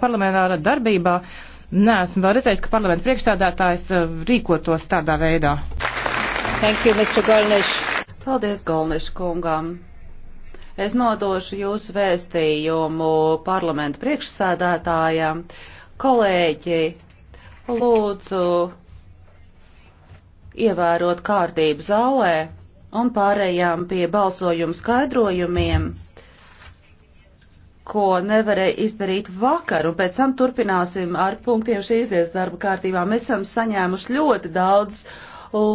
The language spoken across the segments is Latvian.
parlamentārā darbībā neesmu vēl redzējis, ka parlamenta priekšstādātājs eh, rīkotos tādā veidā. Thank you, Mr. Golnish. Paldies, Golnish kungam. Es nodošu jūsu vēstījumu parlamenta priekšsēdētājam. Kolēģi, lūdzu ievērot kārtību zālē un pārējām pie balsojumu skaidrojumiem ko nevarēja izdarīt vakar, un pēc tam turpināsim ar punktiem šīs dienas darba kārtībā. Mēs esam saņēmuši ļoti daudz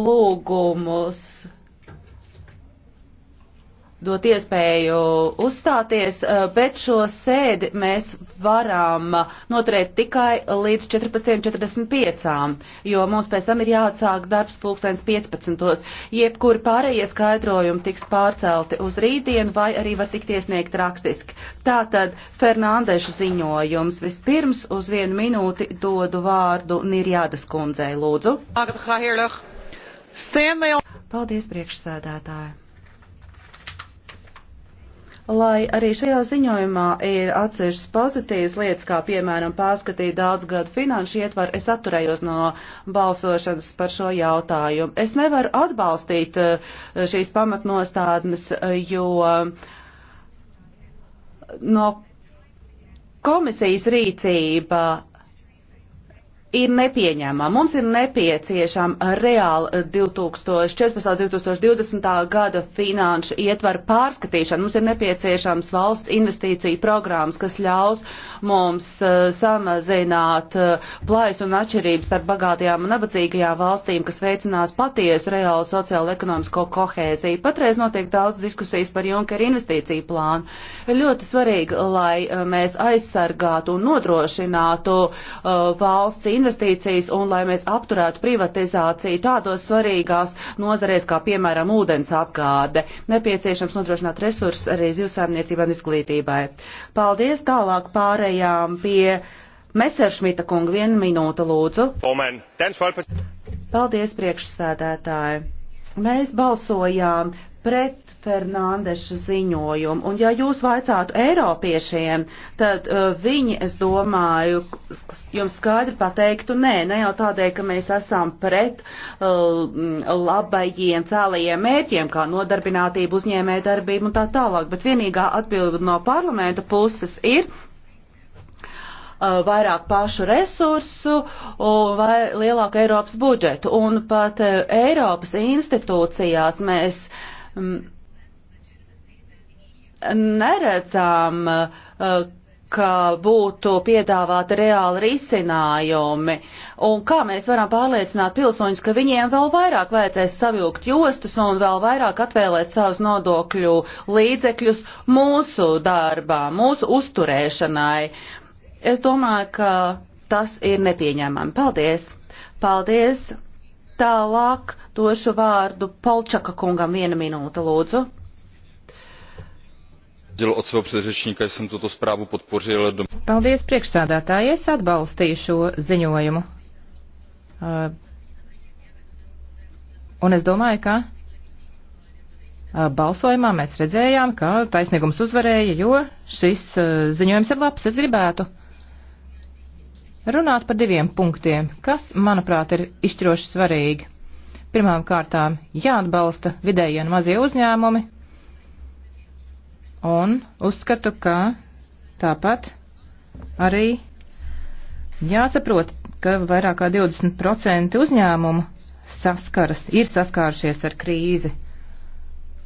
lūgumus dot iespēju uzstāties, eh, bet šo sēdi mēs varam noturēt tikai līdz 14.45, jo mums pēc tam ir jāatsāk darbs pulkstens 15. Jebkuri pārējie skaidrojumi tiks pārcelti uz rītdienu vai arī var tikt iesniegt rakstiski. Tātad Fernandeša ziņojums. Vispirms uz vienu minūti dodu vārdu Nirjādas kundzei, lūdzu. Paldies, priekšsēdētāji. Lai arī šajā ziņojumā ir atsevišķas pozitīvas lietas, kā piemēram pārskatīt daudzgadu finanšu ietvaru, es atturējos no balsošanas par šo jautājumu. Es nevaru atbalstīt eh, šīs pamatnostādnes, eh, jo eh, no komisijas rīcība ir nepieņēmama. Mums ir nepieciešama reāla 2014. un 2020. gada finanšu ietvaru pārskatīšana. Mums ir nepieciešams valsts investīcija programmas, kas ļaus mums uh, samazināt uh, plaisu un atšķirības starp bagātajām un nabadzīgajām valstīm, kas veicinās patiesu reālu sociālo ekonomisko kohēziju. Patreiz notiek daudz diskusijas par Junkera investīciju plānu. Ir ļoti svarīgi, lai uh, mēs aizsargātu un nodrošinātu valsts investīciju investīcijas un lai mēs apturētu privatizāciju tādos svarīgās nozarēs, kā piemēram ūdens apgāde. Nepieciešams nodrošināt resursus arī zivsēmniecībai un izglītībai. Paldies, tālāk pārējām pie Meseršmita kunga vienu minūtu lūdzu. Paldies, priekšsēdētāji. Mēs balsojām pret Fernandeša ziņojumu. Un ja jūs vaicātu Eiropiešiem, tad uh, viņi, es domāju, jums skaidri pateiktu nē, ne jau tādēļ, ka mēs esam pret uh, mm, labajiem cēlajiem mērķiem, kā nodarbinātība, uzņēmē darbība un tā tālāk, bet vienīgā atbilde no parlamenta puses ir, uh, vairāk pašu resursu uh, vai lielāku Eiropas budžetu. Un pat uh, Eiropas institūcijās mēs mm, neredzām, ka būtu piedāvāti reāli risinājumi, un kā mēs varam pārliecināt pilsoņus, ka viņiem vēl vairāk vajadzēs savilkt jostas un vēl vairāk atvēlēt savus nodokļu līdzekļus mūsu darbā, mūsu uzturēšanai. Es domāju, ka tas ir nepieņēmami. Paldies! Paldies! Tālāk došu vārdu Polčaka kungam viena minūte, lūdzu rozdíl od svého předřečníka jsem tuto zprávu podpořil. Paldies priekšsādātāji, es atbalstīju šo ziņojumu. Eh, un es domāju, ka eh, balsojumā mēs redzējām, ka taisnīgums uzvarēja, jo šis eh, ziņojums ir labs. Es gribētu runāt par diviem punktiem, kas, manuprāt, ir izšķiroši svarīgi. Pirmām kārtām jāatbalsta vidējie un mazie uzņēmumi, Un uzskatu, ka tāpat arī jāsaprot, ka vairāk kā 20% uzņēmumu saskaras, ir saskārušies ar krīzi.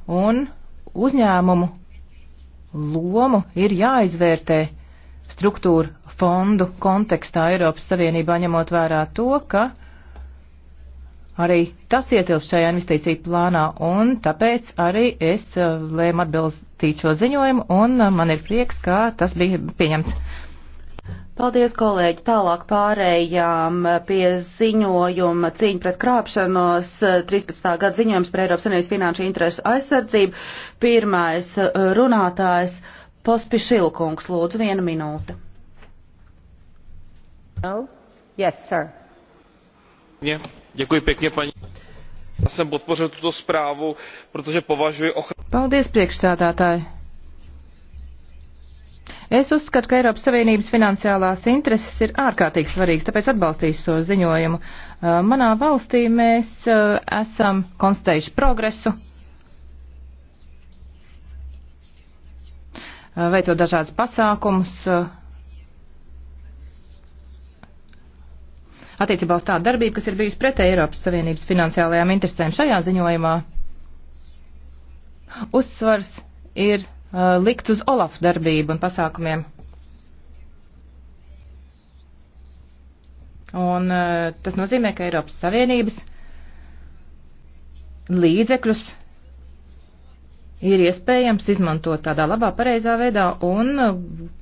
Un uzņēmumu lomu ir jāizvērtē struktūra fondu kontekstā Eiropas Savienībā ņemot vērā to, ka Arī tas ietilpst šajā investīciju plānā, un tāpēc arī es uh, lēmu atbilstīt šo ziņojumu, un uh, man ir prieks, ka tas bija pieņemts. Paldies, kolēģi! Tālāk pārējām uh, pie ziņojuma cīņa pret krāpšanos 13. gada ziņojums par Eiropas Savienības finanšu interesu aizsardzību. Pirmais runātājs Pospišilkungs, lūdzu, viena minūte. Oh? Yes, sir. Já jsem podpořil tuto zprávu, protože považuji ochranu. Paldies, priekšsādātāji! Es uzskatu, ka Eiropas Savienības finansiālās intereses ir ārkārtīgi svarīgas, tāpēc atbalstīšu šo so ziņojumu. Manā valstī mēs esam konstatējuši progresu, veicot dažādus pasākumus, attiecībā uz tādu darbību, kas ir bijusi pret Eiropas Savienības finansiālajām interesēm šajā ziņojumā. Uzsvars ir uh, likt uz Olaf darbību un pasākumiem. Un uh, tas nozīmē, ka Eiropas Savienības līdzekļus ir iespējams izmantot tādā labā, pareizā veidā un uh,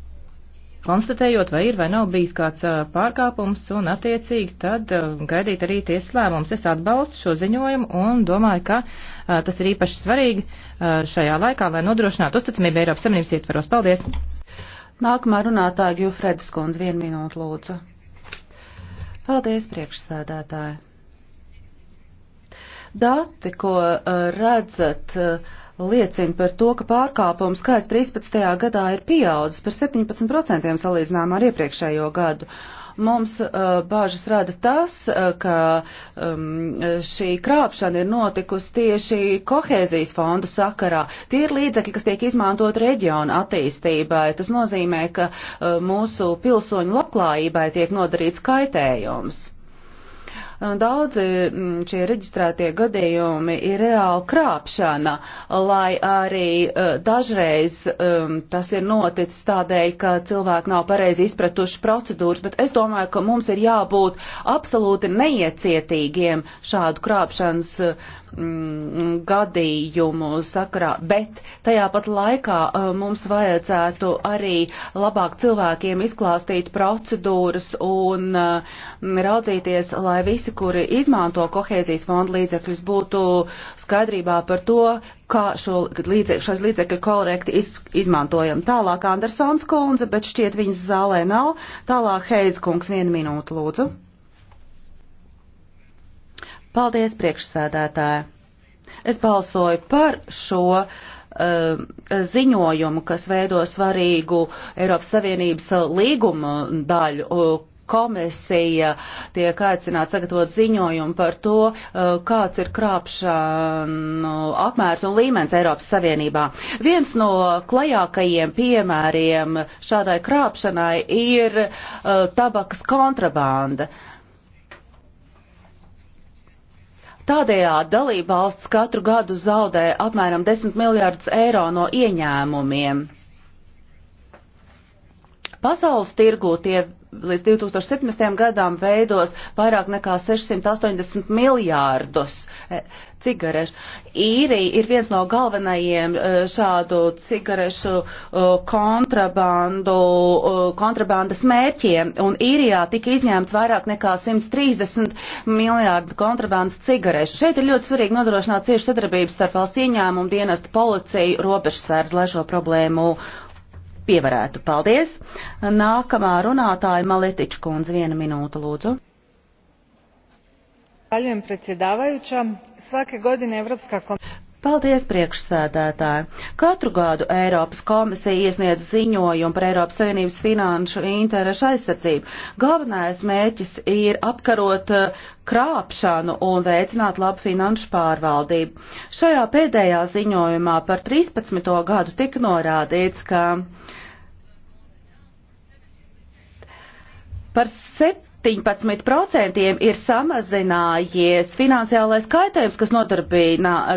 konstatējot, vai ir vai nav bijis kāds pārkāpums, un attiecīgi tad gaidīt arī tiesas lēmums. Es atbalstu šo ziņojumu un domāju, ka tas ir īpaši svarīgi šajā laikā, lai nodrošinātu uzticamību Eiropas Savienības ietvaros. Paldies! Nākamā runātāja Gilfredas kundze, vienu minūtu lūdzu. Paldies, priekšsēdētāji! Dati, ko redzat, uh, liecina par to, ka pārkāpumu skaits 13. gadā ir pieaudzis par 17% salīdzinājumā ar iepriekšējo gadu. Mums uh, bāžas rada tas, uh, ka um, šī krāpšana ir notikusi tieši kohēzijas fondu sakarā. Tie ir līdzekļi, kas tiek izmantot reģiona attīstībai. Tas nozīmē, ka uh, mūsu pilsoņu labklājībai tiek nodarīts kaitējums. Daudzi mm, šie reģistrētie gadījumi ir reāli krāpšana, lai arī eh, dažreiz um, tas ir noticis tādēļ, ka cilvēki nav pareizi izpratuši procedūras, bet es domāju, ka mums ir jābūt absolūti neiecietīgiem šādu krāpšanas eh, mm, gadījumu sakrā, bet tajā pat laikā uh, mums vajadzētu arī labāk cilvēkiem izklāstīt procedūras un mm, raudzīties, lai visi, kuri izmanto kohēzijas fonda līdzekļus, būtu skaidrībā par to, kā šo līdzekļu, šos līdzekļu korekti iz, izmantojam. Tālāk Andersons kundze, bet šķiet viņas zālē nav. Tālāk Heiz kungs, vienu minūtu lūdzu. Mm. Paldies, priekšsēdētāji! Es balsoju par šo uh, ziņojumu, kas veido svarīgu Eiropas Savienības līguma daļu, uh, komisija tiek aicināta sagatavot ziņojumu par to, eh, kāds ir krāpšanu apmērs un līmenis Eiropas Savienībā. Viens no klajākajiem piemēriem šādai krāpšanai ir eh, tabakas kontrabanda. Tādējādi dalība valsts katru gadu zaudē apmēram 10 miljārdus eiro no ieņēmumiem. Pasaules tirgū tie līdz 2017. gadām veidos vairāk nekā 680 miljārdus e, cigarešu. Īrija ir viens no galvenajiem e, šādu cigarešu e, kontrabandu, kontrabandas mērķiem, un Īrijā tika izņemts vairāk nekā 130 miljārdu kontrabandas cigarešu. Šeit ir ļoti svarīgi nodrošināt ciešu sadarbību starp valsts ieņēmumu dienestu, policiju, robežsērdz, lai šo problēmu pievarētu. Paldies! Nākamā runātāja Maletič kundze, viena minūte lūdzu. Zahvaljujem predsjedavajuća. Svake godine Europska komisija Paldies, priekšsēdētāji! Katru gadu Eiropas komisija iesniedz ziņojumu par Eiropas Savienības finanšu interešu aizsardzību. Galvenais mērķis ir apkarot uh, krāpšanu un veicināt labu finanšu pārvaldību. Šajā pēdējā ziņojumā par 13. gadu tika norādīts, ka par 7 17% ir samazinājies finansiālais kaitējums, kas,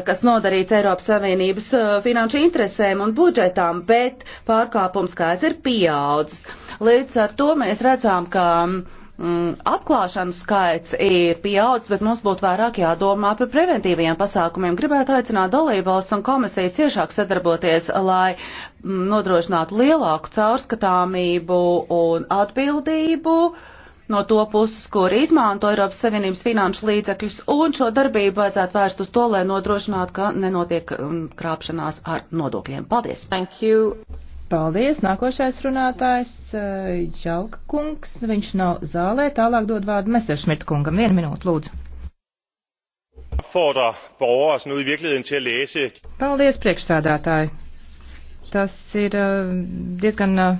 kas nodarīts Eiropas Savienības uh, finanšu interesēm un budžetām, bet pārkāpums skaits ir pieaudzis. Līdz ar to mēs redzam, ka mm, atklāšanu skaits ir pieaudzis, bet mums būtu vairāk jādomā par preventīviem pasākumiem. Gribētu aicināt dalībvalsts un komisiju ciešāk sadarboties, lai mm, nodrošinātu lielāku caurskatāmību un atbildību. Uh, no to puses, kur izmanto Eiropas Savienības finanšu līdzekļus, un šo darbību vajadzētu vērst uz to, lai nodrošinātu, ka nenotiek um, krāpšanās ar nodokļiem. Paldies! Thank you! Paldies! Nākošais runātājs uh, Žalka kungs, viņš nav zālē, tālāk dod vārdu Messeršmit kungam. Vienu minūtu, lūdzu. Nu Paldies, priekšsādātāji! Tas ir uh, diezgan uh,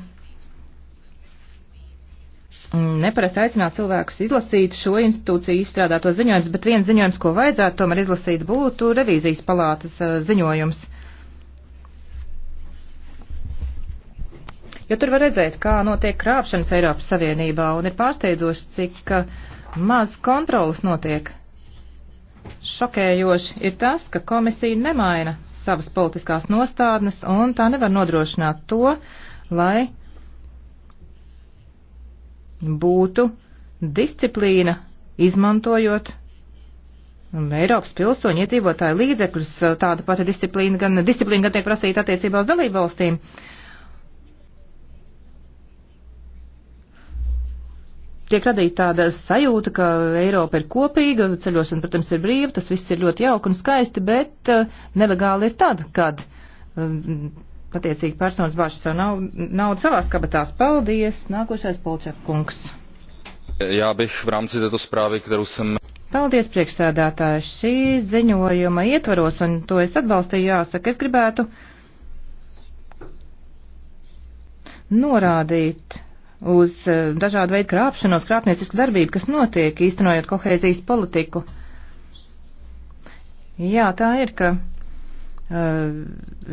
Mm, neparasti aicināt cilvēkus izlasīt šo institūciju izstrādāto ziņojumus, bet viens ziņojums, ko vajadzētu tomēr izlasīt, būtu revīzijas palātas ziņojums. Jo tur var redzēt, kā notiek krāpšanas Eiropas Savienībā, un ir pārsteidzoši, cik maz kontrolas notiek. Šokējoši ir tas, ka komisija nemaina savas politiskās nostādnes, un tā nevar nodrošināt to, lai būtu disciplīna, izmantojot Eiropas pilsoņu iedzīvotāju līdzekļus. Eh, tāda pati disciplīna gan, disciplīna gan tiek prasīta attiecībā uz dalību valstīm. Tiek radīta tāda sajūta, ka Eiropa ir kopīga, ceļošana, protams, ir brīva, tas viss ir ļoti jauki un skaisti, bet eh, nelegāli ir tad, kad eh, patiecīgi personas bāžas savu naudu, naudu savās kabatās. Paldies! Nākošais Polčak kungs. Jā, bih v rámci této správy, kterou jsem. Paldies, priekšsēdētāji. Šī ziņojuma ietvaros, un to es atbalstīju, jāsaka, es gribētu norādīt uz eh, dažādu veidu krāpšanos, krāpniecisku darbību, kas notiek, īstenojot kohēzijas politiku. Jā, tā ir, ka Eh,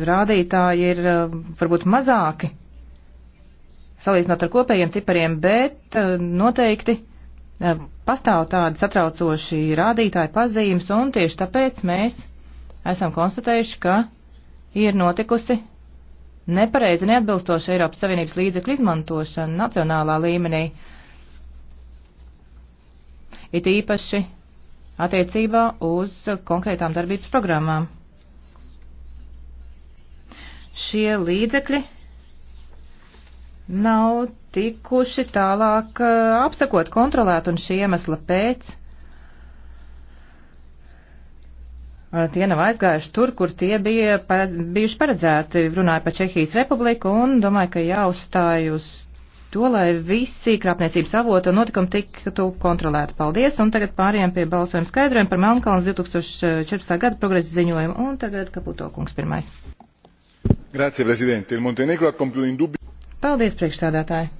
rādītāji ir eh, varbūt mazāki salīdzinot ar kopējiem cipariem, bet eh, noteikti pastāv tādi satraucoši rādītāji pazīmes, un tieši tāpēc mēs esam konstatējuši, ka ir notikusi nepareizi neatbilstoša Eiropas Savienības līdzekļu izmantošana nacionālā līmenī. It īpaši attiecībā uz konkrētām darbības programmām šie līdzekļi nav tikuši tālāk eh, apsakot, kontrolēt, un šī iemesla pēc eh, tie nav aizgājuši tur, kur tie bija paredz, bijuši paredzēti. Runāju par Čehijas republiku un domāju, ka jāuzstāj uz to, lai visi krāpniecības avoti un notikumi tiktu kontrolēti. Paldies, un tagad pārējām pie balsojuma skaidrojuma par Melnkalnas 2014. gada progresa ziņojumu, un tagad Kaputo kungs pirmais. Grazie, prezidente. Il Montenegro ha compiuto indubbi. Paldies, priekšstādātāji.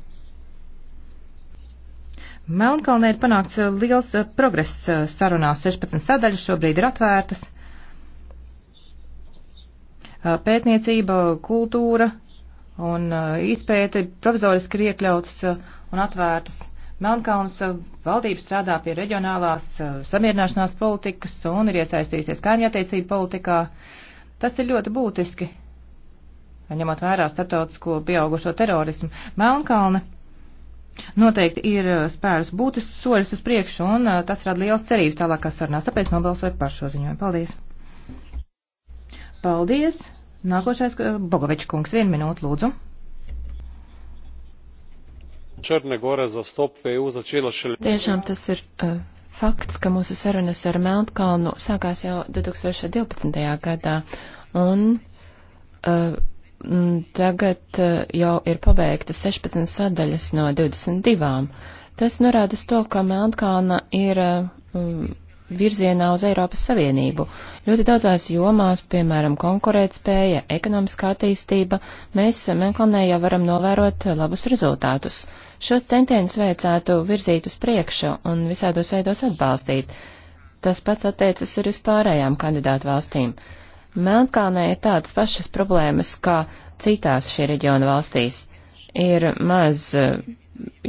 Melnkalnē ir panākts eh, liels eh, progress eh, sarunās. 16 sadaļas šobrīd ir atvērtas. Pētniecība, kultūra un izpēte provizoriski ir iekļautas un atvērtas. Melnkalnas valdība strādā pie reģionālās samierināšanās politikas un ir iesaistījusies kaimiņattiecību politikā. Tas ir ļoti būtiski, ņemot vērā starptautisko pieaugušo terorismu. Melnkalne noteikti ir eh, spērus būtisks soļus uz priekšu, un eh, tas rada liels cerības tālākās sarunās, tāpēc nobalsoju par šo ziņojumu. Paldies! Paldies! Nākošais eh, Bogovičs kungs, vienu minūtu lūdzu. Tiešām tas ir uh, fakts, ka mūsu sarunas ar Melnkalnu sākās jau 2012. gadā, un uh, Mm, tagad eh, jau ir pabeigta 16 sadaļas no 22. Tas norāda uz to, ka Melnkalna ir eh, mm, virzienā uz Eiropas Savienību. Ļoti daudzās jomās, piemēram, konkurētspēja, ekonomiskā attīstība, mēs Melnkalnē jau varam novērot labus rezultātus. Šos centienus vajadzētu virzīt uz priekšu un visādos veidos atbalstīt. Tas pats attiecas arī uz pārējām kandidātu valstīm. Melnkalnē ir tādas pašas problēmas kā citās šī reģiona valstīs. Ir maz eh,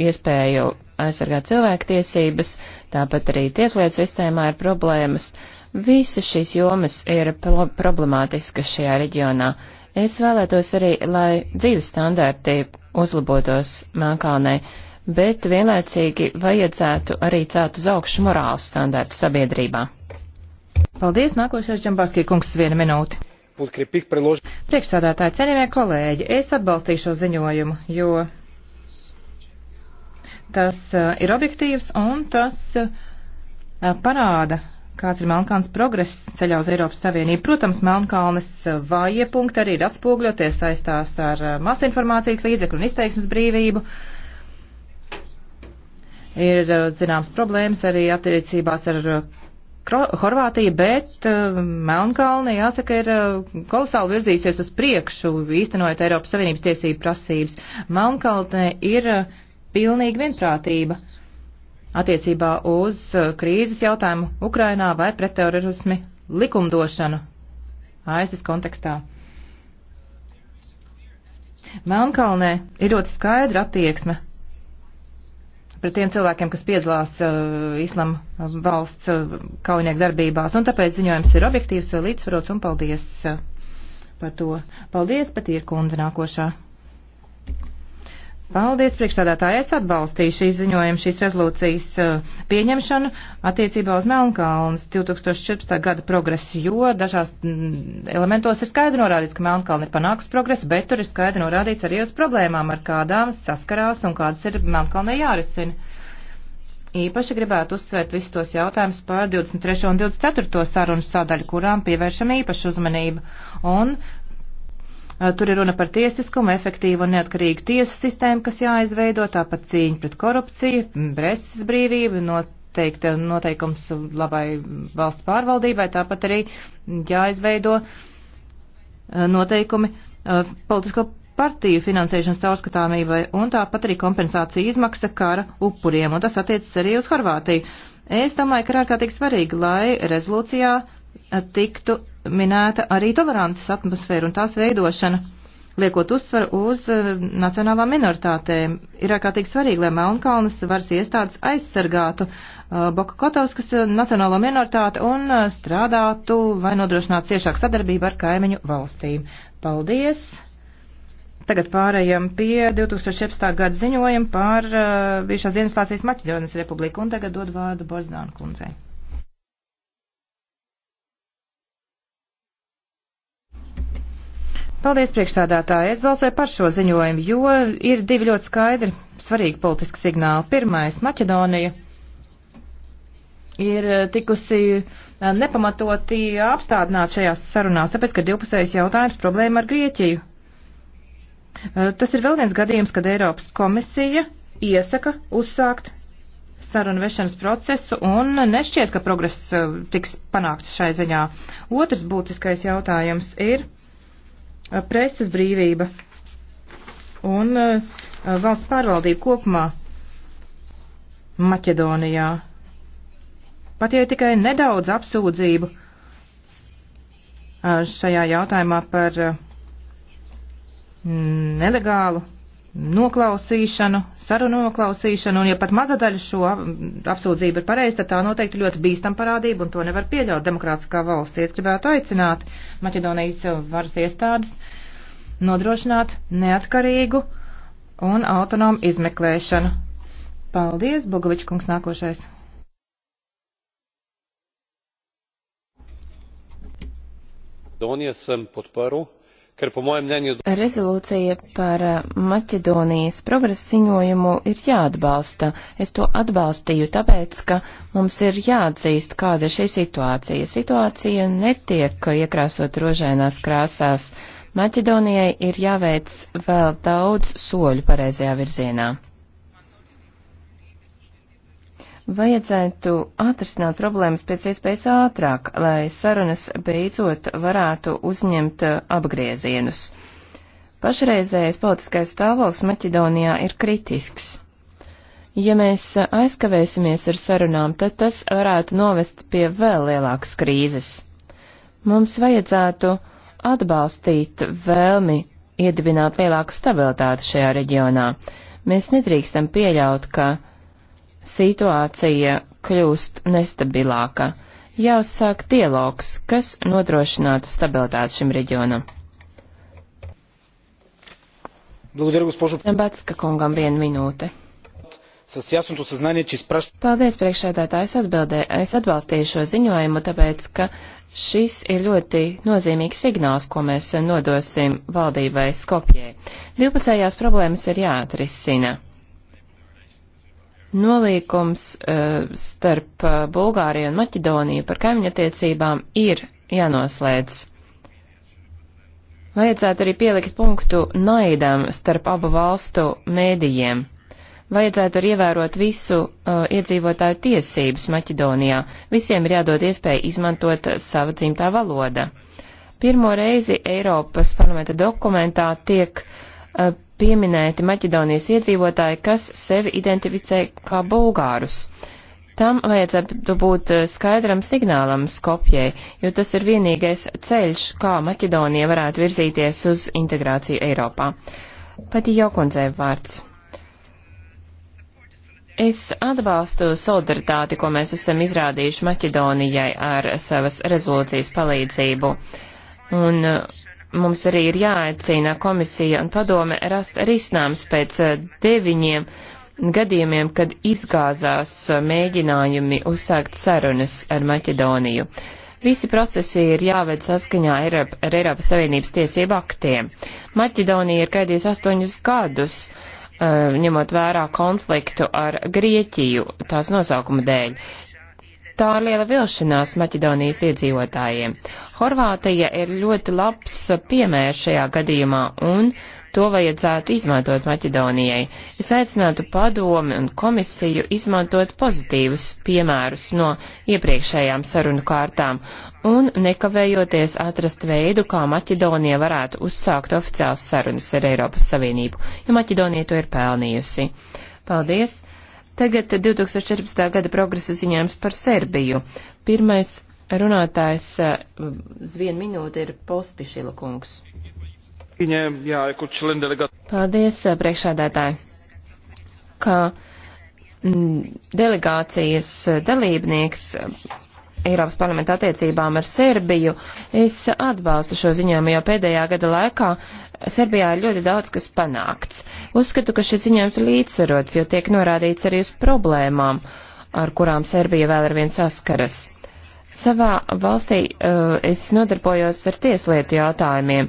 iespēju aizsargāt cilvēktiesības, tāpat arī tieslietu sistēmā ir problēmas. Visas šīs jomas ir problemātiskas šajā reģionā. Es vēlētos arī, lai dzīves standarti uzlabotos Melnkalnē, bet vienlaicīgi vajadzētu arī celt uz augšu morāls standārtu sabiedrībā. Paldies. Nākošais Džambārskie kungs viena minūte. Priekšsādātāji, cienījamie kolēģi, es atbalstīšu šo ziņojumu, jo tas uh, ir objektīvs un tas uh, parāda, kāds ir Melnkalnes progress ceļā uz Eiropas Savienību. Protams, Melnkalnes eh, vājie punkti arī ir atspūgļoties saistās ar uh, masinformācijas līdzekļu un izteiksmes brīvību. Ir uh, zināms problēmas arī attiecībās ar uh, Horvātija, bet eh, Melnkalne, jāsaka, ir eh, kolosāli virzīsies uz priekšu, īstenojot Eiropas Savienības tiesību prasības. Melnkalne ir eh, pilnīgi vienprātība attiecībā uz krīzes jautājumu Ukrainā vai pretterorismi likumdošanu ASV kontekstā. Melnkalnē ir ļoti skaidra attieksme pret tiem cilvēkiem, kas piedalās uh, Islam uh, valsts uh, kaujinieku darbībās. Un tāpēc ziņojums ir objektīvs, uh, līdzsvarots un paldies uh, par to. Paldies, Patīra kundze nākošā. Paldies, priekšstādātāji. Es atbalstīšu izziņojumu šīs rezolūcijas uh, pieņemšanu attiecībā uz Melnkalnas 2014. gada progresu, jo dažās mm, elementos ir skaidri norādīts, ka Melnkalna ir panākusi progresu, bet tur ir skaidri norādīts arī uz problēmām, ar kādām saskarās un kādas ir Melnkalnai jārisina. Īpaši gribētu uzsvērt visus tos jautājumus par 23. un 24. sarunu sadaļu, kurām pievēršam īpašu uzmanību. Un Tur ir runa par tiesiskumu, efektīvu un neatkarīgu tiesu sistēmu, kas jāizveido, tāpat cīņa pret korupciju, preses brīvību, noteikti noteikums labai valsts pārvaldībai, tāpat arī jāizveido noteikumi politisko partiju finansēšanas caurskatāmībai un tāpat arī kompensācija izmaksa kara upuriem, un tas attiecas arī uz Horvātiju. Es domāju, ka ir ārkārtīgi svarīgi, lai rezolūcijā tiktu minēta arī tolerances atmosfēra un tās veidošana, liekot uzsvaru uz e, nacionālām minoritātēm. Ir ārkārtīgi svarīgi, lai Melnkalnes varas iestādes aizsargātu e, Boka Kotovskas e, nacionālo minoritāti un strādātu vai nodrošinātu ciešāku sadarbību ar kaimiņu valstīm. Paldies! Tagad pārējām pie 2017. gada ziņojuma par uh, bijušās Dienaslācijas Maķedonijas republiku un tagad dod vārdu Borzinānu kundzei. Paldies, priekšsādātāji. Es balsoju par šo ziņojumu, jo ir divi ļoti skaidri svarīgi politiski signāli. Pirmais - Maķedonija ir eh, tikusi eh, nepamatoti apstādināta šajās sarunās, tāpēc, ka divpusējais jautājums problēma ar Grieķiju. Eh, tas ir vēl viens gadījums, kad Eiropas komisija iesaka uzsākt sarunu vešanas procesu un nešķiet, ka progress tiks panākts šai ziņā. Otrs būtiskais jautājums ir preses brīvība un valsts pārvaldība kopumā Maķedonijā. Pat ja tikai nedaudz apsūdzību šajā jautājumā par nelegālu noklausīšanu, sarunu noklausīšanu, un ja pat maza daļa šo mm, apsūdzību ir pareiza, tad tā noteikti ļoti bīstam parādība, un to nevar pieļaut demokrātiskā valstī. Es gribētu aicināt Maķedonijas varas iestādes nodrošināt neatkarīgu un autonomu izmeklēšanu. Paldies, Bogovičs kungs nākošais. Donijas podporu ker po mojem mnenju. Rezolūcija par eh, Maķedonijas progresu ziņojumu ir jāatbalsta. Es to atbalstīju tāpēc, ka mums ir jāatzīst, kāda ir šī situācija. Situācija netiek iekrāsot rožainās krāsās. Maķedonijai ir jāveic vēl daudz soļu pareizajā virzienā. Vajadzētu atrisināt problēmas pēc iespējas ātrāk, lai sarunas beidzot varētu uzņemt eh, apgriezienus. Pašreizējais politiskais stāvoklis Maķedonijā ir kritisks. Ja mēs aizkavēsimies ar sarunām, tad tas varētu novest pie vēl lielākas krīzes. Mums vajadzētu atbalstīt vēlmi iedibināt lielāku stabilitāti šajā reģionā. Mēs nedrīkstam pieļaut, ka situācija kļūst nestabilāka. Jāuzsāk dialogs, kas nodrošinātu stabilitāti šim reģionam. Благодаря, госпожо. Набацка кунгам вien minūte. С ясното съзнание, че изпраща... Paldies, priekšsēdētājs atbildē. Es atbalstīju šo ziņojumu, tāpēc, ka šis ir ļoti nozīmīgs signāls, ko mēs nodosim valdībai Skopjē. Divpusējās problēmas ir jāatrisina. Nolīkums eh, starp eh, Bulgāriju un Maķedoniju par kaimiņattiecībām ir jānoslēdz. Vajadzētu arī pielikt punktu naidam starp abu valstu mēdījiem. Vajadzētu arī ievērot visu uh, iedzīvotāju tiesības Maķedonijā. Visiem ir jādod iespēja izmantot sava dzimtā valoda. Pirmo reizi Eiropas parlamenta dokumentā tiek uh, pieminēti Maķedonijas iedzīvotāji, kas sevi identificē kā bulgārus. Tam vajadzētu būt eh, skaidram signālam Skopjai, jo tas ir vienīgais ceļš, kā Maķedonija varētu virzīties uz integrāciju Eiropā. Pati Jokundzē vārds. Es atbalstu solidaritāti, ko mēs esam izrādījuši Maķedonijai ar savas rezolūcijas palīdzību. Un mums arī ir jāaicina komisija un padome rast risinājums pēc eh, deviņiem gadījumiem, kad izgāzās eh, mēģinājumi uzsākt sarunas ar Maķedoniju. Visi procesi ir jāved saskaņā Eiropa, ar Eiropas Savienības tiesību aktiem. Maķedonija ir gaidījusi astoņus gadus, eh, ņemot vērā konfliktu ar Grieķiju tās nosaukuma dēļ. Tā ir liela vilšanās Maķedonijas iedzīvotājiem. Horvātija ir ļoti labs piemērs šajā gadījumā, un to vajadzētu izmantot Maķedonijai. Es aicinātu padomi un komisiju izmantot pozitīvus piemērus no iepriekšējām sarunu kārtām un nekavējoties atrast veidu, kā Maķedonija varētu uzsākt oficiāls sarunas ar Eiropas Savienību, jo Maķedonija to ir pelnījusi. Paldies! Tagad 2014. gada progresa ziņojums par Serbiju. Pirmais runātājs eh, uz vienu minūti ir Pospišila kungs. Paldies, eh, priekšādātāji. Kā mm, delegācijas eh, dalībnieks Eiropas parlamenta attiecībām ar Serbiju, es atbalstu šo ziņojumu, jo pēdējā gada laikā Serbijā ir ļoti daudz kas panākts. Uzskatu, ka šis ziņojums ir līdzsvarots, jo tiek norādīts arī uz problēmām, ar kurām Serbija vēl ar vien saskaras. Savā valstī uh, es nodarbojos ar tieslietu jautājumiem,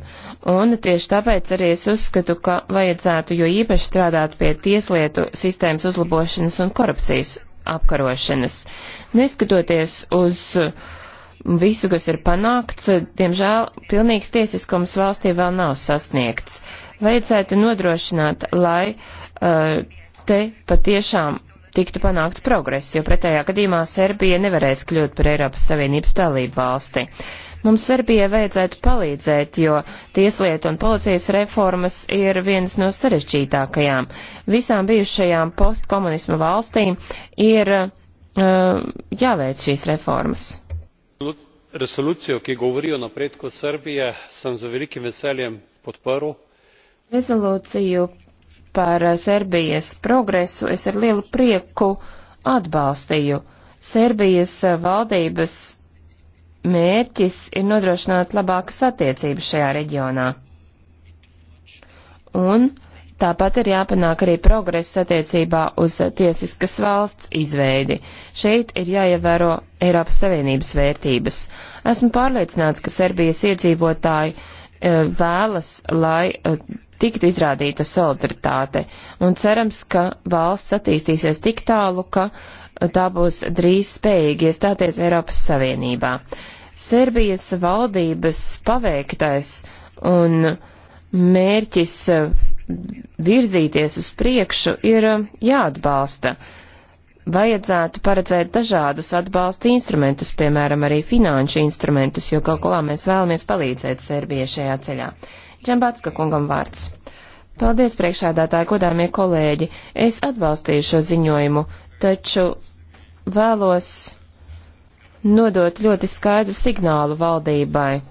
un tieši tāpēc arī es uzskatu, ka vajadzētu jo īpaši strādāt pie tieslietu sistēmas uzlabošanas un korupcijas apkarošanas. Neskatoties uz visu, kas ir panākts, diemžēl pilnīgs tiesiskums valstī vēl nav sasniegts. Vajadzētu nodrošināt, lai uh, te patiešām tiktu panākts progress, jo pretējā gadījumā Serbija nevarēs kļūt par Eiropas Savienības dalību valsti. Uh, Mums Serbijai vajadzētu palīdzēt, jo tieslietu un policijas reformas ir vienas no sarežģītākajām. Visām bijušajām postkomunisma valstīm ir uh, jāveic šīs reformas. Resolucijo, ki govori o napredku Srbije, sem z velikim veseljem podprl. Rezolūciju par uh, Serbijas progresu es ar lielu prieku atbalstīju. Serbijas uh, valdības mērķis ir nodrošināt labākas attiecības šajā reģionā. Un tāpat ir jāpanāk arī progress attiecībā uz tiesiskas valsts izveidi. Šeit ir jāievēro Eiropas Savienības vērtības. Esmu pārliecināts, ka Serbijas iedzīvotāji e, vēlas, lai e, tiktu izrādīta solidaritāte, un cerams, ka valsts attīstīsies tik tālu, ka e, tā būs drīz spējīgi iestāties Eiropas Savienībā. Serbijas valdības paveiktais un mērķis eh, virzīties uz priekšu ir eh, jāatbalsta. Vajadzētu paredzēt dažādus atbalsta instrumentus, piemēram, arī finanšu instrumentus, jo kaut kolā mēs vēlamies palīdzēt Serbijai šajā ceļā. Džambatska kungam vārds. Paldies, priekšādātāji, godāmie kolēģi. Es atbalstīju šo ziņojumu, taču vēlos nodot ļoti skaidru signālu valdībai.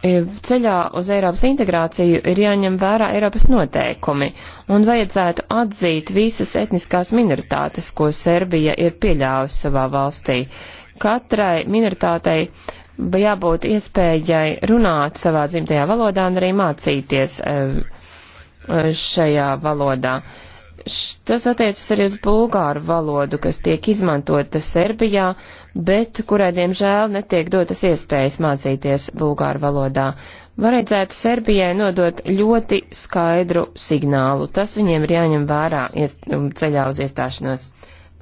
E, ceļā uz Eiropas integrāciju ir jāņem vērā Eiropas noteikumi un vajadzētu atzīt visas etniskās minoritātes, ko Serbija ir pieļāvusi savā valstī. Katrai minoritātei bija jābūt iespējai runāt savā dzimtajā valodā un arī mācīties e, e, šajā valodā. Tas attiecas arī uz bulgāru valodu, kas tiek izmantota Serbijā, bet kurai, diemžēl, netiek dotas iespējas mācīties bulgāru valodā. Varētu Serbijai nodot ļoti skaidru signālu. Tas viņiem ir jāņem vērā ies, ceļā uz iestāšanos.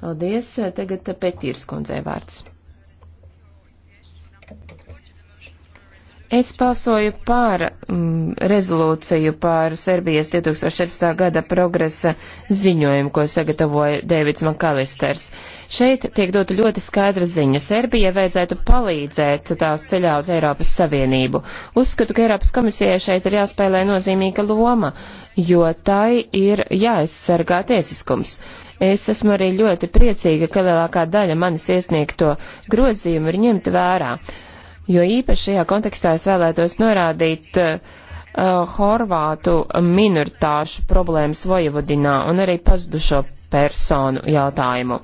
Paldies. Tagad Petīras kundzei vārds. Es balsoju pār mm, rezolūciju pār Serbijas 2017. gada progresa ziņojumu, ko sagatavoja Dēvids Makalisters. Šeit tiek dota ļoti skaidra ziņa. Serbija vajadzētu palīdzēt tās ceļā uz Eiropas Savienību. Uzskatu, ka Eiropas komisijai šeit ir jāspēlē nozīmīga loma, jo tai ir jāaizsargā tiesiskums. Es esmu arī ļoti priecīga, ka lielākā daļa manis iesniegto grozījumu ir ņemta vērā. Jo īpaši šajā kontekstā es vēlētos norādīt uh, horvātu minoritāšu problēmas Vojvodinā un arī pazudušo personu jautājumu.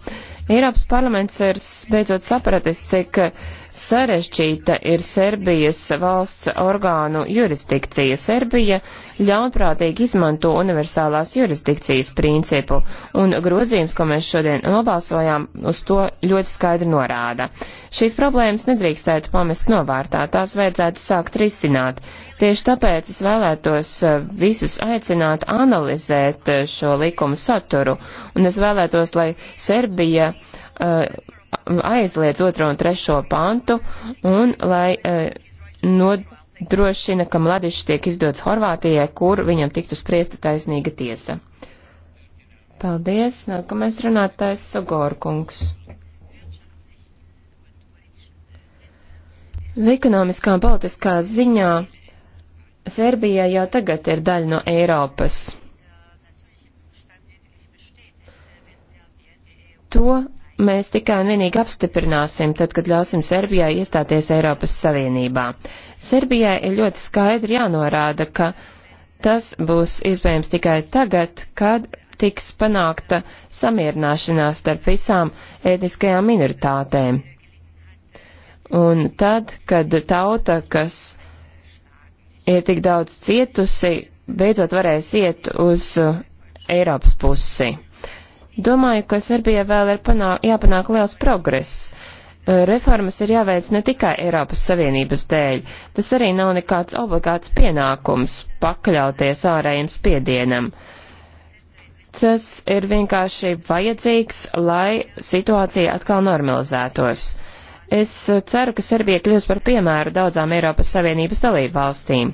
Eiropas parlaments ir beidzot sapratis, cik uh, sarežģīta ir Serbijas valsts orgānu jurisdikcija. Serbija ļaunprātīgi izmanto universālās jurisdikcijas principu, un grozījums, ko mēs šodien nobalsojām, uz to ļoti skaidri norāda. Šīs problēmas nedrīkstētu pamest novārtā, tās vajadzētu sākt risināt. Tieši tāpēc es vēlētos eh, visus aicināt analizēt eh, šo likumu saturu, un es vēlētos, lai Serbija uh, aizliedz otro un trešo pantu un lai e, nodrošina, ka Mladišs tiek izdots Horvātijai, kur viņam tiktu spriesta taisnīga tiesa. Paldies. Nākamais runātājs Sagorkungs. Ekonomiskā un politiskā ziņā Serbija jau tagad ir daļa no Eiropas. To mēs tikai un vienīgi apstiprināsim, tad, kad ļausim Serbijai iestāties Eiropas Savienībā. Serbijai ir ļoti skaidri jānorāda, ka tas būs iespējams tikai tagad, kad tiks panākta samierināšanās starp visām ētiskajām minoritātēm. Un tad, kad tauta, kas ir tik daudz cietusi, beidzot varēs iet uz Eiropas pusi. Domāju, ka Serbijai vēl ir panā, jāpanāk liels progress. E, reformas ir jāveic ne tikai Eiropas Savienības dēļ, tas arī nav nekāds obligāts pienākums pakļauties ārējiem spiedienam. Tas ir vienkārši vajadzīgs, lai situācija atkal normalizētos. Es ceru, ka Serbija kļūs par piemēru daudzām Eiropas Savienības dalību valstīm.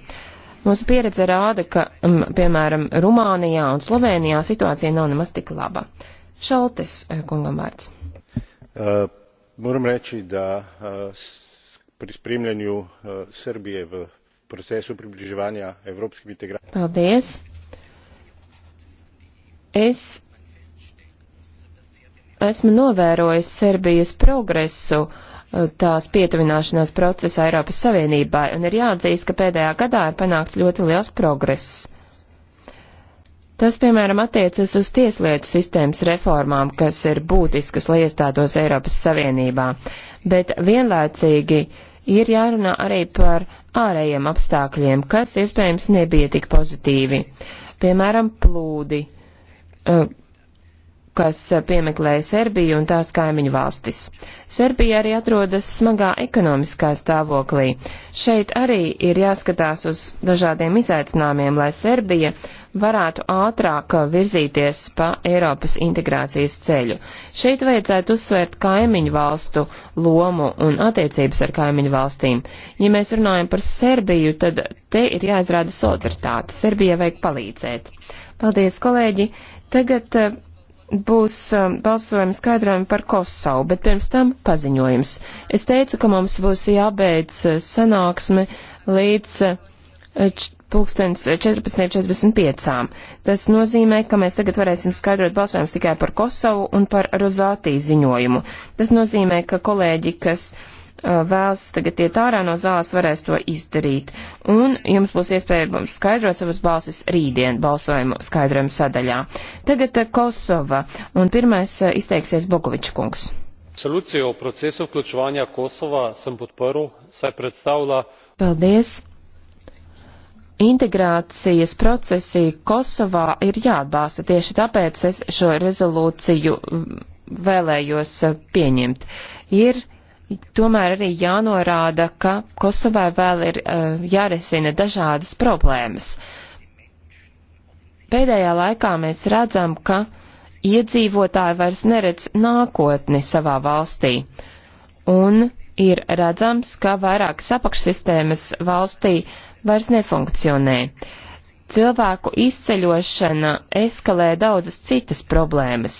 Mūsu pieredze rāda, ka, um, piemēram, Rumānijā un Slovenijā situācija nav nemaz tik laba. Šaltis, eh, kungam vārds. Uh, moram reći da uh, pri spremljanju uh, Srbije v procesu približevanja evropskim integracijam. Paldies. Es esmu novērojis Serbijas progresu uh, tās pietuvināšanās procesa Eiropas Savienībai, un ir jāatzīst, ka pēdējā gadā ir panākts ļoti liels progress. Tas, piemēram, attiecas uz tieslietu sistēmas reformām, kas ir būtiskas, lai iestātos Eiropas Savienībā, bet vienlaicīgi ir jārunā arī par ārējiem apstākļiem, kas iespējams nebija tik pozitīvi. Piemēram, plūdi, uh, kas piemeklēja Serbiju un tās kaimiņu valstis. Serbija arī atrodas smagā ekonomiskā stāvoklī. Šeit arī ir jāskatās uz dažādiem izaicinājumiem, lai Serbija varētu ātrāk virzīties pa Eiropas integrācijas ceļu. Šeit vajadzētu uzsvērt kaimiņu valstu lomu un attiecības ar kaimiņu valstīm. Ja mēs runājam par Serbiju, tad te ir jāizrāda solidaritāte. Serbijai vajag palīdzēt. Paldies, kolēģi! Tagad eh, būs um, balsojuma skaidrojumi par Kosovu, bet pirms tam paziņojums. Es teicu, ka mums būs jābeidz uh, sanāksme līdz uh, pulkstens 14.45. Tas nozīmē, ka mēs tagad varēsim skaidrot balsojumus tikai par Kosovu un par Rozātī ziņojumu. Tas nozīmē, ka kolēģi, kas uh, Uh, vēlas tagad iet ārā no zāles, varēs to izdarīt. Un jums būs iespēja skaidrot savas balsis rītdien balsojumu skaidrojumu sadaļā. Tagad uh, Kosova. Un pirmais uh, izteiksies Bogovičs kungs. Solūciju procesu vključovanja Kosova sem podporu, saj predstavlja. Paldies! integrācijas procesi Kosovā ir jāatbalsta. Tieši tāpēc es šo rezolūciju mm, vēlējos pieņemt. Ir tomēr arī jānorāda, ka Kosovai vēl ir uh, jārisina dažādas problēmas. Pēdējā laikā mēs redzam, ka iedzīvotāji vairs neredz nākotni savā valstī, un ir redzams, ka vairākas apakšsistēmas valstī vairs nefunkcionē. Cilvēku izceļošana eskalē daudzas citas problēmas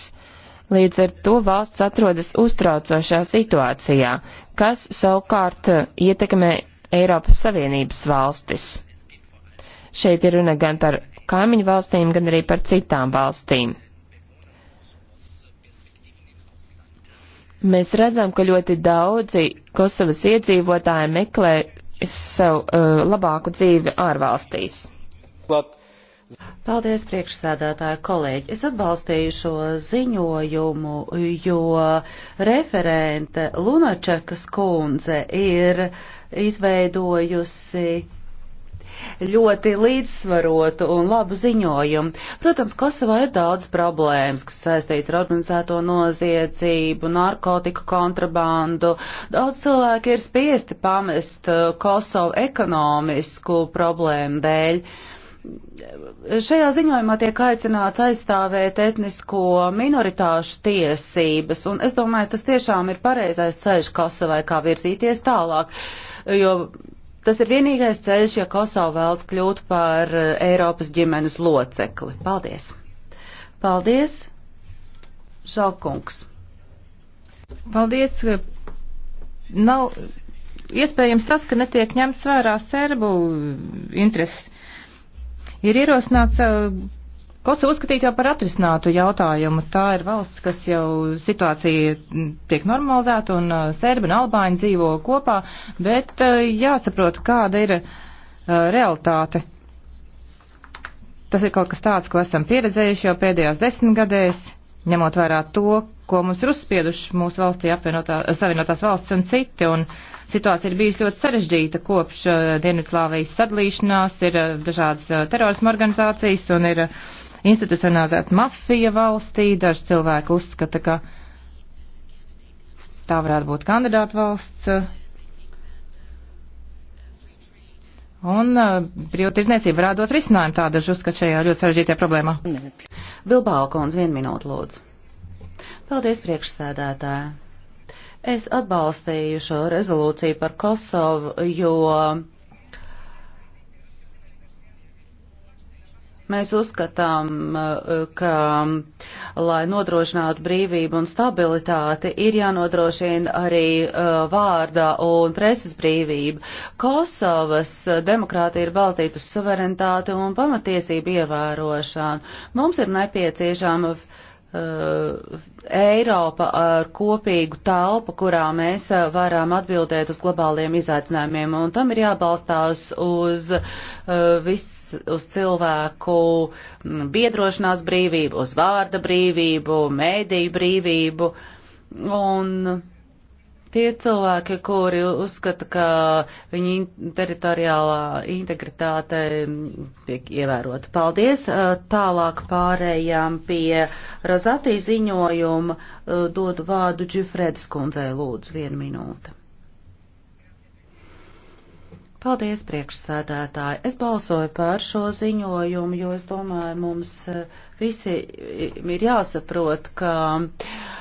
Līdz ar to valsts atrodas uztraucošā situācijā, kas savukārt eh, ietekmē Eiropas Savienības valstis. Šeit ir runa gan par kaimiņu valstīm, gan arī par citām valstīm. Mēs redzam, ka ļoti daudzi Kosovas iedzīvotāji meklē sev uh, labāku dzīvi ārvalstīs. Klāt Paldies, priekšsēdētāja kolēģi. Es atbalstīju šo ziņojumu, jo referente Lunačekas kundze ir izveidojusi ļoti līdzsvarotu un labu ziņojumu. Protams, Kosovā ir daudz problēmas, kas saistīts ar organizēto noziedzību, narkotiku kontrabandu. Daudz cilvēki ir spiesti pamest uh, Kosovu ekonomisku problēmu dēļ. Uh, Šajā ziņojumā tiek aicināts aizstāvēt etnisko minoritāšu tiesības, un es domāju, tas tiešām ir pareizais ceļš Kosovai, kā virzīties tālāk, jo tas ir vienīgais ceļš, ja Kosova vēlas kļūt par eh, Eiropas ģimenes locekli. Paldies! Paldies, Žalkungs! Paldies! Nav iespējams tas, ka netiek ņemts vērā serbu intereses. Ir ierosināts Kosovu uzskatīt jau par atrisinātu jautājumu. Tā ir valsts, kas jau situācija tiek normalizēta un sērbi un albāņi dzīvo kopā, bet jāsaprot, kāda ir realitāte. Tas ir kaut kas tāds, ko esam pieredzējuši jau pēdējās desmitgadēs ņemot vērā to, ko mums ir uzspieduši mūsu valstī apvienotā, savienotās valsts un citi, un situācija ir bijusi ļoti sarežģīta kopš uh, Dienvidslāvijas sadalīšanās, ir uh, dažādas uh, terorisma organizācijas un ir uh, institucionalizēta mafija valstī, daži cilvēki uzskata, ka tā varētu būt kandidāta valsts. Uh, Un uh, brīvtirdzniecība varētu dot risinājumu tādā uzskat šajā ļoti sarežģītajā problēmā. Bilbao kundze, vienu minūtu lūdzu. Paldies, priekšsēdētāji. Es atbalstīju šo rezolūciju par Kosovu, jo Mēs uzskatām, eh, ka, lai nodrošinātu brīvību un stabilitāti, ir jānodrošina arī eh, vārda un preses brīvība. Kosovas demokrātija ir balstīta uz suverenitāti un pamatiesību ievērošanu. Mums ir nepieciešama Uh, Eiropa ar kopīgu telpu, kurā mēs uh, varam atbildēt uz globāliem izaicinājumiem, un tam ir jābalstās uz, uh, vis, uz cilvēku mm, biedrošanās brīvību, uz vārda brīvību, mēdīju brīvību, un Tie cilvēki, kuri uzskata, ka viņu teritoriālā integritāte tiek ievērota. Paldies! Tālāk pārējām pie Rozatī ziņojuma. Dodu vārdu Džifredes kundzei, lūdzu, vienu minūti. Paldies, priekšsēdētāji. Es balsoju par šo ziņojumu, jo es domāju, mums visi ir jāsaprot, ka uh,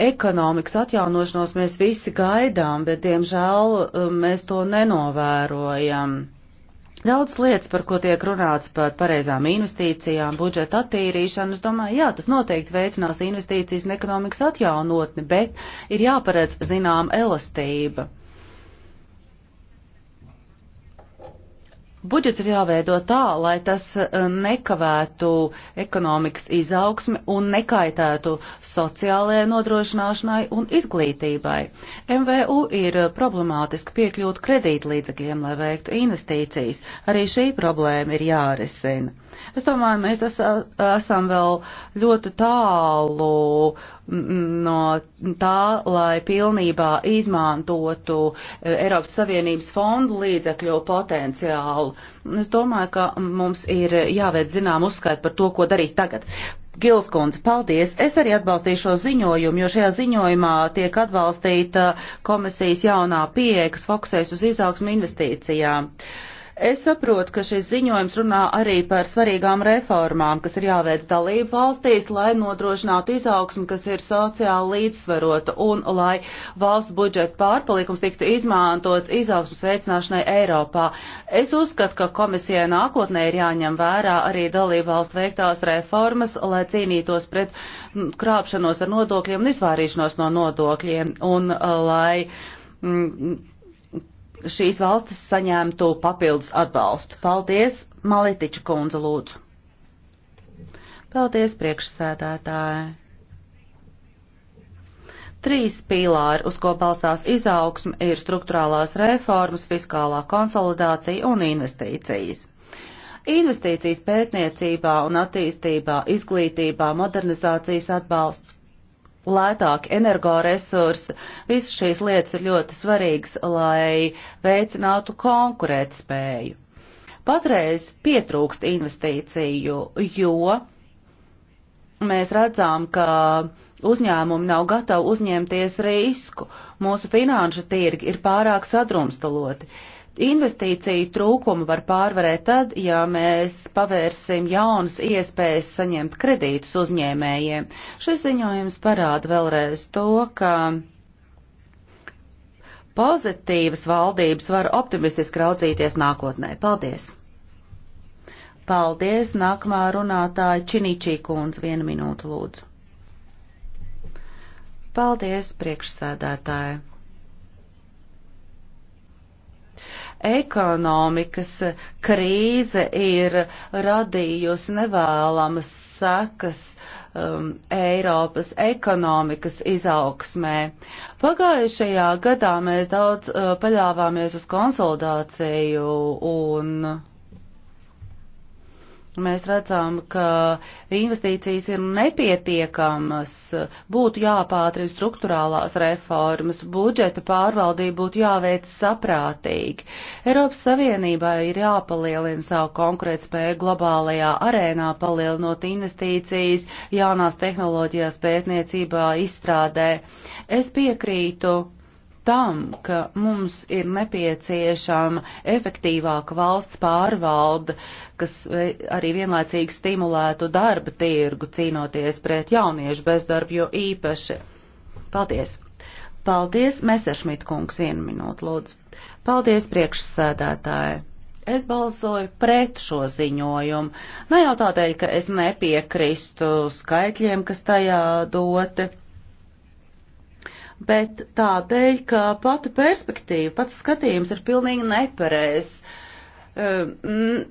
ekonomikas atjaunošanos mēs visi gaidām, bet diemžēl um, mēs to nenovērojam. Daudz lietas, par ko tiek runāts par pareizām investīcijām, budžeta attīrīšanu, es domāju, jā, tas noteikti veicinās investīcijas un ekonomikas atjaunotni, bet ir jāparedz zinām elastība. Budžets ir jāveido tā, lai tas eh, nekavētu ekonomikas izaugsmi un nekaitētu sociālajai nodrošināšanai un izglītībai. MVU ir problemātiski piekļūt kredītlīdzekļiem, lai veiktu investīcijas. Arī šī problēma ir jārisina. Es domāju, mēs eh, esam vēl ļoti tālu no tā, lai pilnībā izmantotu eh, Eiropas Savienības fondu līdzekļu potenciālu Es domāju, ka mums ir jāveic zinām uzskait par to, ko darīt tagad. Gilskundze, paldies! Es arī atbalstīju šo ziņojumu, jo šajā ziņojumā tiek atbalstīta komisijas jaunā pieeja, kas fokusēs uz izaugsmu investīcijām. Uh, Es saprotu, ka šis ziņojums runā arī par svarīgām reformām, kas ir jāveic dalību valstīs, lai nodrošinātu izaugsmu, kas ir sociāli līdzsvarota un lai valstu budžeta pārpalikums tiktu izmantots izaugsmas veicināšanai Eiropā. Es uzskatu, ka komisijai nākotnē ir jāņem vērā arī dalību valstu veiktās reformas, lai cīnītos pret mm, krāpšanos ar nodokļiem un izvairīšanos no nodokļiem. Un, uh, lai, mm, šīs valstis saņēmtu papildus atbalstu. Paldies, Malitiča kundze lūdzu. Paldies, priekšsēdētāji. Trīs pīlāri, uz ko balstās izaugsme, ir struktūrālās reformas, fiskālā konsolidācija un investīcijas. Investīcijas pētniecībā un attīstībā, izglītībā, modernizācijas atbalsts lētāki energoresursi. Visas šīs lietas ir ļoti svarīgas, lai veicinātu konkurētspēju. Patreiz pietrūkst investīciju, jo mēs redzam, ka uzņēmumi nav gatavi uzņemties risku, mūsu finanšu tirgi ir pārāk sadrumstaloti. Uh, Investīciju trūkumu var pārvarēt tad, ja mēs pavērsim jaunas iespējas saņemt kredītus uzņēmējiem. Šis ziņojums parāda vēlreiz to, ka pozitīvas valdības var optimistiski raudzīties nākotnē. Paldies! Paldies! Nākamā runātāja Činīčī kundze, vienu minūtu lūdzu. Paldies, priekšsēdētāji! ekonomikas krīze ir radījusi nevēlamas sekas um, Eiropas ekonomikas izaugsmē. Pagājušajā gadā mēs daudz uh, paļāvāmies uz konsolidāciju un Mēs redzam, ka investīcijas ir nepietiekamas, būtu jāpātrina struktūrālās reformas, budžeta pārvaldība būtu jāveic saprātīgi. Eiropas Savienībai ir jāpalielina savu konkurētspēju globālajā arēnā, palielinot investīcijas jaunās tehnoloģijās, pētniecībā, izstrādē. Es piekrītu tam, ka mums ir nepieciešama efektīvāka valsts pārvalda, kas e, arī vienlaicīgi stimulētu darba tirgu cīnoties pret jauniešu bezdarbu, jo īpaši. Paldies! Paldies, Mesešmit kungs, vienu minūtu lūdzu. Paldies, priekšsēdētāji! Es balsoju pret šo ziņojumu, ne jau tādēļ, ka es nepiekrīstu skaitļiem, kas tajā doti bet tādēļ, ka pati perspektīva, pats skatījums ir pilnīgi nepareizs. Ehm,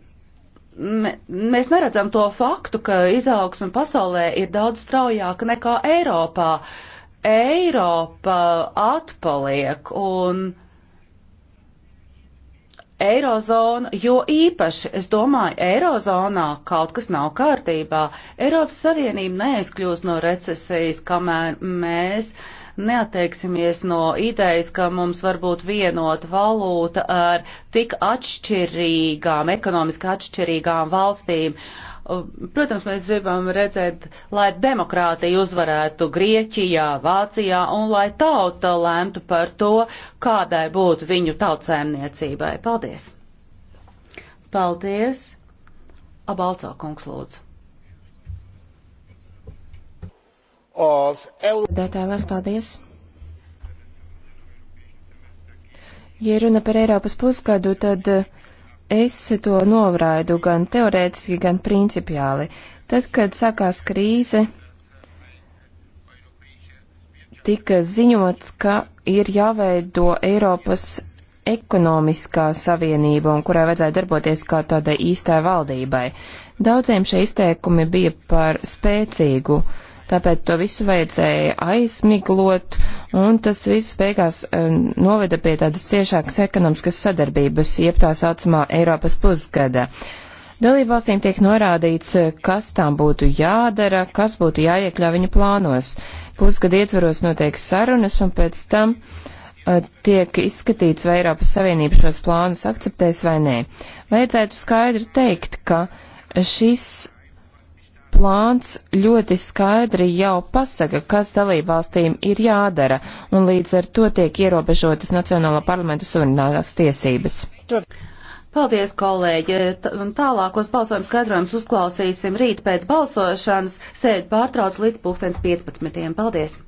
mēs neredzam to faktu, ka izaugsme pasaulē ir daudz straujāka nekā Eiropā. Eiropa atpaliek un Eirozona, jo īpaši, es domāju, Eirozonā kaut kas nav kārtībā. Eiropas Savienība neizkļūst no recesijas, kamēr mēs uh, neatteiksimies no idejas, ka mums var būt vienota valūta ar tik atšķirīgām, ekonomiski atšķirīgām valstīm. Uh, protams, mēs gribam redzēt, lai demokrātija uzvarētu Grieķijā, Vācijā un lai tauta lēmtu par to, kādai būtu viņu tautsēmniecībai. Paldies! Paldies! Abalcā kungs lūdzu. az EU... Dētājās, paldies! Ja runa par Eiropas pusgadu, tad es to novraidu gan teorētiski, gan principiāli. Tad, kad sākās krīze, tika ziņots, ka ir jāveido Eiropas ekonomiskā savienība un kurai vajadzēja darboties kā tādai īstai valdībai. Daudziem šie izteikumi bija par spēcīgu uh, tāpēc to visu vajadzēja aizmiglot, un tas viss beigās um, noveda pie tādas ciešākas ekonomiskas sadarbības, jeb tā saucamā Eiropas pusgada. Dalībvalstīm tiek norādīts, kas tām būtu jādara, kas būtu jāiekļā viņu plānos. Pusgada ietvaros notiek sarunas, un pēc tam uh, tiek izskatīts, vai Eiropas Savienība šos plānus akceptēs vai nē. Vajadzētu skaidri teikt, ka šis plāns ļoti skaidri jau pasaka, kas dalībvalstīm ir jādara, un līdz ar to tiek ierobežotas Nacionālā parlamenta suverenitātes tiesības. Paldies, kolēģi! Tālākos balsojums skaidrojums uzklausīsim rīt pēc balsošanas. Sēdi pārtrauc līdz pulkstens 15. Paldies!